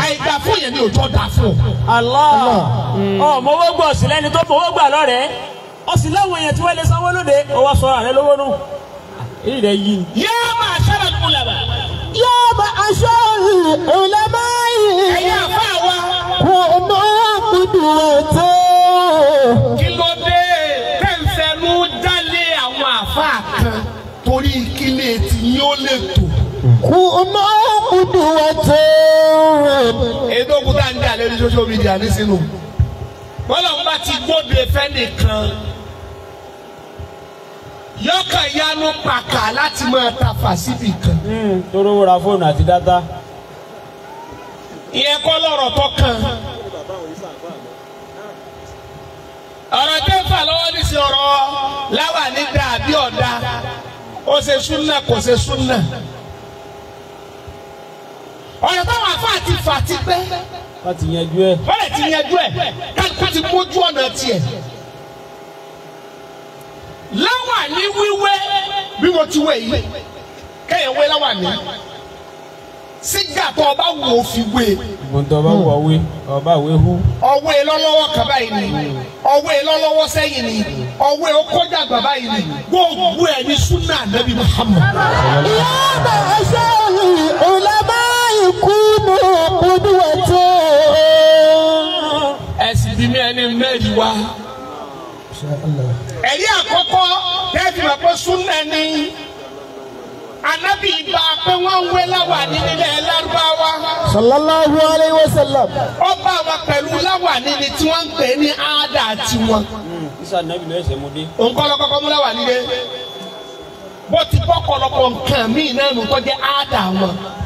àìdá fún yẹn ni ò tọ́ da fún. Allah ọ mọwọ́ mm. gbọ́ sí lẹ́ni tó fọwọ́ gbà lọ́rẹ̀ẹ́ ó sì láwọn èèyàn tí wọ́n lè sanwó lóde ó wá sọ àrẹ lówó nù. èyí rẹ̀ yí. yá máa ṣára nínú làbà. yá máa aṣọ ìlẹ́mọ̀ yìí. ẹ̀yin àfa wa. kò mọ gbùdù ètò. kí ló dé tẹ̀sẹ̀nú dálé àwọn àfa kan torí kílé tí yóò lè tò. kò mọ ètò òkúta ń dà lórí social media ní sínú bọ́lá wọn bá ti gbóde fẹ́nìkan yọkàn yanu pàkà láti máa ta fàṣíbì kan. Hmm, toró wúra fóònù àti dátà. ìyẹn kọ́ lọ́rọ̀ tó kàn. ọ̀rọ̀ tẹ́ ń fà lọ́wọ́ ní sí ọ̀rọ̀ láwà ní dàbí ọ̀dà ó ṣe súnà kò ṣe súnà ọ̀nà táwọn àfáà ti fà ti pẹ́. wọ́n ti yanjú ẹ̀. wọ́n lè ti yanjú ẹ̀ ká ti mójú ọ̀nà tiẹ̀. láwà ní wíwé bí mo ti wé yìí kẹ́yìn wé láwà ní sígà tó ọba wò ó fi wé. ìbùntàn ọba wò ọwé ọba wé hú. ọwé e lọ́lọ́wọ́ kan báyìí ni ọwé e lọ́lọ́wọ́ sẹ́yìn ni ọwé e ó kọjá àgbà ni gbogbo ẹ̀ ní súnà nàbí Muhammad. ìyá bá ẹ ṣe kúmọ̀ kúndùwà tó. ẹ̀sìn bí mi ẹni mẹ́rin wá. ẹ̀rí àkọ́kọ́ tẹ́ẹ̀fì máa kó anabi ibà pé wọ́n ń wé láwàní nílẹ̀ lárúbáwá. alayhi wa sallam. ó bá wa pẹ̀lú láwàní ni tí wọ́n ń pè ní áádà tiwọn. isa anabi dé. mú bó ti bọ́ nǹkan míì náà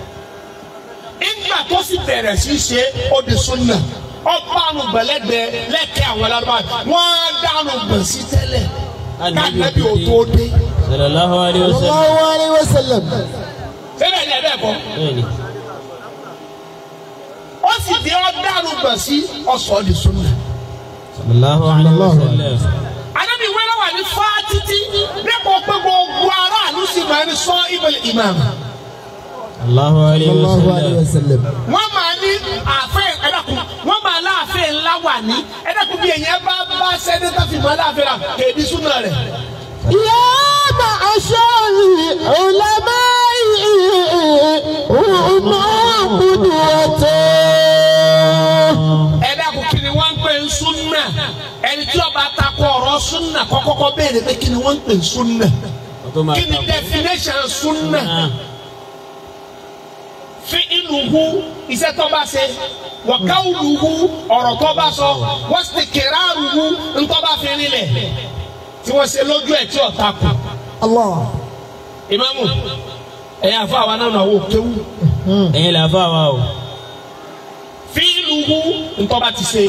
nígbà tó sì bẹ̀rẹ̀ sí ṣe ó ọba àrùngbẹ̀lẹ́gbẹ̀ lẹ́kẹ̀ àwọn alábàá wọ́n á dànù gbọ̀n sí tẹ́lẹ̀ káàkiri ò tó dé. sallallahu alaihi wasallam. fẹ́rẹ̀ ni ẹ bẹ́ẹ̀ kọ́. ó sì dé ọ dànù sí ọ̀sọ̀ di súnà. sallallahu alaihi wasallam. anábì wẹ́rẹ́ wà ní fáá títí dẹ́kun pé gbogbo aráàlú sì máa ń sọ ibẹ̀ ìmáàmù sallallahu alayhi wa sallam. máa ní àfẹ́ ẹ̀dàkùn wọ́n máa láàfẹ́ ńlá wà ní ẹ̀dàkùn bí èèyàn bá bá sẹ́dẹ́tà fìmọ́ láàfẹ́ rà èdè súnmọ́ rẹ̀. yá معشر العلماء هم قدوته ẹ̀dàkùn kí ni wọ́n ń pè ń súnmọ́ ẹni tí ó bá takò ọ̀rọ̀ súnmọ́ kọ́kọ́kọ́ béèrè pé kí ni wọ́n ń pè ń súnmọ́ kí ni definition súnmọ́ fi inuhu iṣẹ́ tó bá ṣe wọ̀káwùlúhu ọ̀rọ̀ tó bá sọ wọ́n sì kẹ̀ráàrúhu ńtọ́ bá fi rinlẹ̀ tí wọ́n ṣe lójú ẹ̀ tí ọ̀tá kù. ìmáàmù ẹ̀yin àfa àwa náà náà wò kéwù. Hmm. ẹ̀yin là fa àwa o. fi inuhu ńtọ́ bá ti ṣe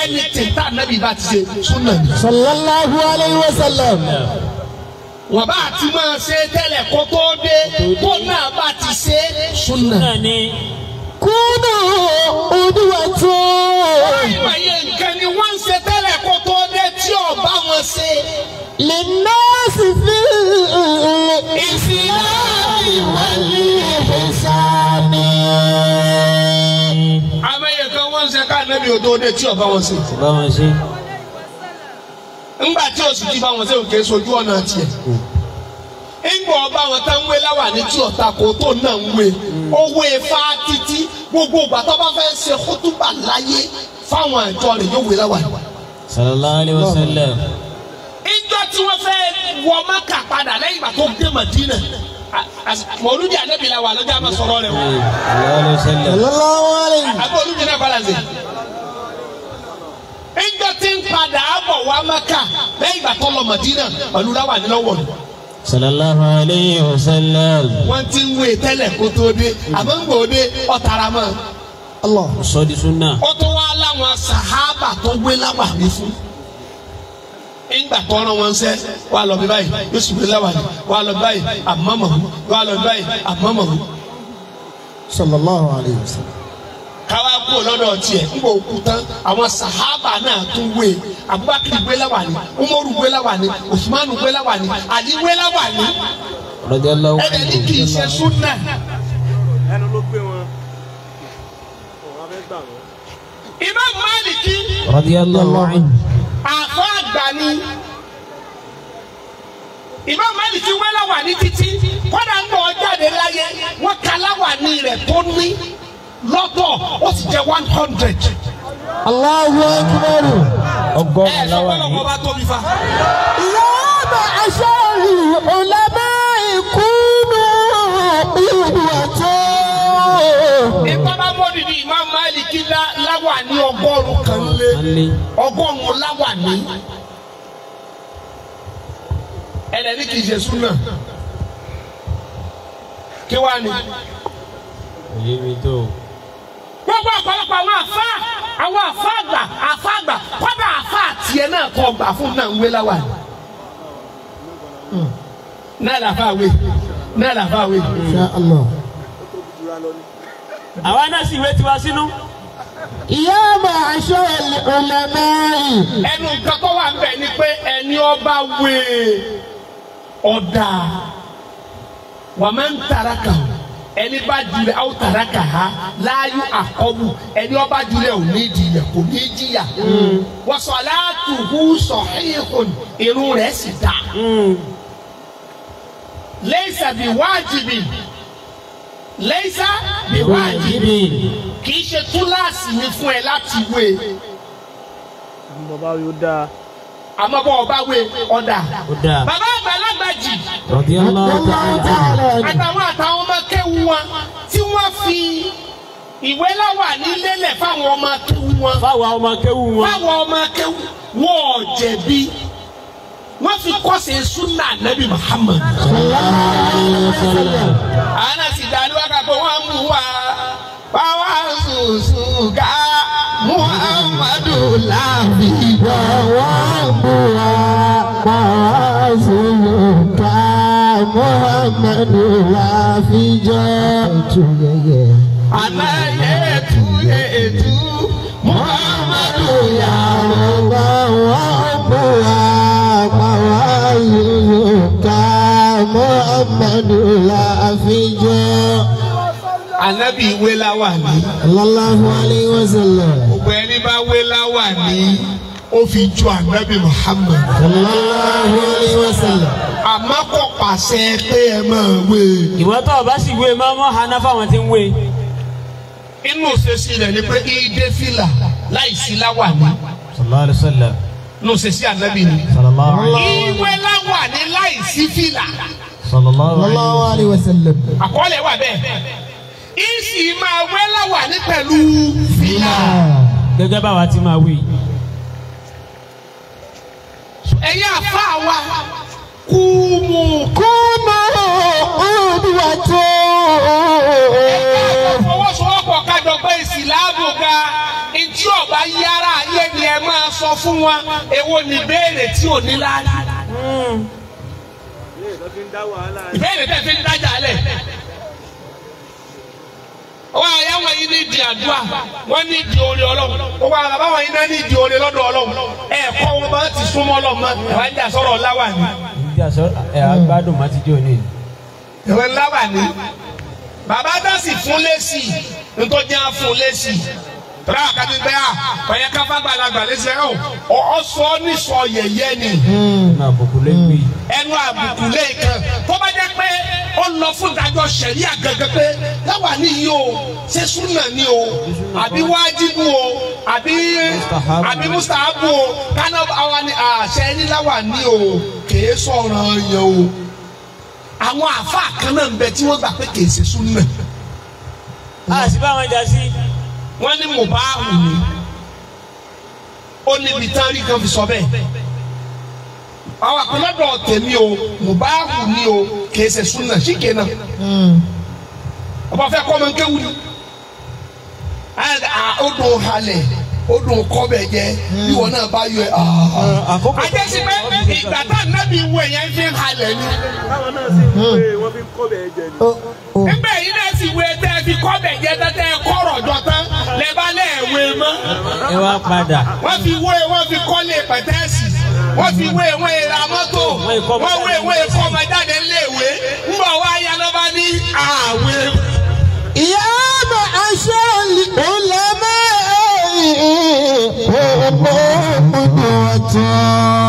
ẹni tìǹtà nàbì bá ti ṣe súnà. sallallahu alayhi wa wọ́n bá ti máa ṣe tẹ́lẹ̀ kó tó dé kó náà bá ti ṣe sunna ni. kúnà olúwa tó. ìwà yẹn nǹkan ni wọ́n ń ṣe tẹ́lẹ̀ kó tó dé tí ò bá wọn ṣe. lè ná sí fi ìsìlá ìwọlé ìfẹsà mi. àmọ́ yẹn kan wọ́n ń ṣe ká nẹ́bí ò tó dé tí ò bá wọn ṣe ńgbà tí oṣù ti bá wọn ṣe òkè sojú ọ̀nà tiẹ̀ ńgbà ọba wọn tán wé láwà ní tí ọ̀tá kò tó náà ń wé owó ifá títí gbogbo ìgbà bá fẹ́ ṣe kútúbà láyé fáwọn àjọ rẹ̀ yóò wé láwà. sallallahu alaihi wasallam. ìjọ tí wọ́n fẹ́ wọ Mẹ́kà padà lẹ́yìn ìgbà dé Mẹdínà mọlúdi anabi wà lọ́jọ́ àmà sọ̀rọ̀ rẹ̀ wọ́n. sallallahu alaihi wasallam. àbí olùdíje náà balance ẹjọ́ tí ń padà bọ̀ wá Mẹ́kà lẹ́yìn ìgbà tó lọ Mẹdínà àlùdá wà nílọ́wọ́ nù. sallallahu alayhi wa sallam. wọ́n ti ń wé tẹ́lẹ̀ kó tó dé àmọ́ ń gbòde ọ̀taramọ́. Allah sọ́ọ́dí súnà. ó tún wá láwọn sàhábà tó gbé láwà ní fún ìgbà tó ọ̀rọ̀ wọn sẹ́ wà lọ bí báyìí yóò sì gbé láwà ní wà lọ bí báyìí àmọ́mọ́ wà lọ bí báyìí àmọ́mọ́. sallallahu alayhi wa sallam kúrò lọ́dọ̀ tiẹ̀ ń bò kú tán àwọn sàhábà náà tún wé Abubakar gbé láwàní Umaru gbé láwàní Usmanu gbé láwàní Ali gbé láwàní. ẹ̀rẹ̀ ní kì í ṣe súnà. ẹnu ló radiyallahu anhu. àkọ́ àgbà ni Imam Maliki wé títí kọ́dà ń bọ̀ jáde láyé wọ́n ka láwàní rẹ̀ tó ní lọ́tọ̀ ó sì jẹ́ one hundred. Allahu Akbar. ọgọ́rùn-ún láwa yìí. ẹ sọ pé ọba tóbi fa. yọ̀ọ́bà aṣọ́ọ̀lù ọ̀làmá ìkúnú ìwọ̀tọ́. ìpamọ́ nìdí Imam Maliki láwà ní ọgọ́rùn-ún kan lé ọgọ́rùn-ún láwà ní. ẹlẹ́ni kì í ṣe súnà kí wàá ní. òye mi tó gbogbo ọ̀pọ̀lọpọ̀ àwọn àfa àwọn àfa àgbà àfa àgbà kọ́dà àfa àtiẹ̀ náà kọ́ gbà fún náà ń wé láwà hmm. náà làfa àwé náà làfa àwé. àwa náà sì wé tiwa sínú. ìyá ma'ashar al-ulama. ẹnu nǹkan tó wà ń bẹ̀ ni pé ẹni ọba wé ọ̀dà wàmẹ́ ń tara kàn ẹni bá jilẹ̀ aw tara ka ha láàyò àkọ́bù ẹni ó bá jilẹ̀ ò ní jilẹ̀ kò ní jìyà. wọ́sọ̀ aláàtúhù sọ̀híhùn irun rẹ̀ sì dá. lẹ́sà bí wájibì lẹ́sà bí wájibì kì í ṣe túláàsì ni fún ẹ láti wé. bàbá yóò dáa àmọ́ bọ́ ọba wé ọ̀dà. bàbá àgbàlagbà jì. àtàwọn àtàwọn ọmọ kéwu wọn tí wọ́n fi ìwé láwà nílélẹ̀ fáwọn ọmọ kéwu wọn. fáwọn ọmọ kéwu wọn. fáwọn ọmọ kéwu wọn ò jẹ̀bi wọ́n fi kọ́sẹ̀ súnà nàbì Muhammad. àná sì dàlú àkàkọ́ wọn mú wa báwa sùn sùn ká Muhammadu láàbì wọ́wọ́. Muhammadu wá fi jọ. Aláyé tu yẹ tu Muhammadu yà rọ̀gbà wá bọ̀ wá pa wá yòyò ká Muhammadu wá fi jọ. Ànábì ìwé láwà ní. Sallallahu alayhi wa sallam. Gbogbo ẹni bá wé láwà ní ó fi jọ Ànábì Muhammad. Sallallahu alayhi wa àmọ́ kò pàṣẹ pé ẹ máa wé. ìwọ tó o bá sì wé máa mọ fáwọn tí ń wé. inú òṣèṣì rẹ̀ ni pé ìdè fìlà láìsí láwà ni. sallallahu alaihi wasallam. inú òṣèṣì ànábì ni. sallallahu alaihi wasallam. ìwé láwà ni láìsí fìlà. sallallahu alaihi wasallam. àkọọ́lẹ̀ wà bẹ́ẹ̀. ìsì máa wé láwà ní pẹ̀lú fìlà. gẹ́gẹ́ báwa ti máa wé. ẹ̀yin àfa wa. Kumu kumu ọdúnwàtò. ẹgbẹ́ àfọwọ́sowọ́pọ̀ kájọpẹ́ ìsìláàmù ga ìtí ọba yára ayé ni ẹ máa sọ fún wa èwo ni béèrè tí ò ní láàyè. ìbéèrè tẹ̀ fi ń dájà lẹ̀ wọ́n àyà wọn yìí ní ìdí àdúrà wọ́n ní ìdí orí ọlọ́run wọ́n wà lábáwọn yìí náà ní ìdí orí lọ́dọ̀ ọlọ́run ẹ̀ẹ́kọ́ wọn bá ti súnmọ́ ọlọ́run mọ́ ẹ̀wá ń jà sọ̀rọ̀ ọ̀la wà ní àti àṣọ ẹ̀ àgbàdo má ti jẹ́ òní. ìwé ńlá wà ní bàbá dá sì fún lẹ́sì nítorí jẹ́ fún lẹ́sì tọ́lá àkàtú pé à ọ̀yẹ́ káfá gbàlagbà lẹ́sẹ̀ ọ̀ ọ̀sọ́ ní sọ yẹ̀yẹ́ ni. Hmm. ẹnu àbùkù lẹ́ẹ̀kan tó bá jẹ́ pé ó lọ fún ìdájọ́ sẹ̀ríà gẹ́gẹ́ pé láwa níyì o ṣé súnà ni o àbí wájibú o àbí mustahabu o kánà àwa àṣẹ ah, ní láwa ní o kèé sọ̀ràn yẹn o àwọn àfa kan náà ń bẹ tí wọ́n gbà pé kèé ṣe súnmọ́. a sì bá wọn jà sí. wọ́n ní mo bá wù mí ó níbi tán rí kan fi sọ bẹ́ẹ̀ àwọn àpẹlẹdọ tèmi o mo bá wù mí o kèé ṣe súnmọ́ síkè náà hmm. ọba fẹ́ kọ́ ọmọ nkéwu ni ó dùn halẹ̀ ó dùn kọ́ bẹ̀ jẹ́ bí hmm. wọn náà bá yọ ẹ. Ah. Hmm, àjẹsí pé ìgbà tá nábì wo yẹn fi ń halẹ̀ ni. táwọn náà sì ń wé hmm. wọn fi kọ́ bẹ̀ jẹ ni. Oh, oh. nígbà yìí náà sì wé tẹ́ ẹ fi kọ́ bẹ̀ jẹ tẹ́ ẹ kọ́rọ̀ jọ tán lẹ́bàá lẹ́ẹ̀wé mọ́. ẹ wá padà. wọ́n fi wé wọ́n fi kọ́lé pẹ̀tẹ́sì wọ́n fi wé wọ́n yẹn ra mọ́tò wọ́n wé wọ́n yẹn kọ́ ọmọ jáde léèwé ń bọ̀ وقوة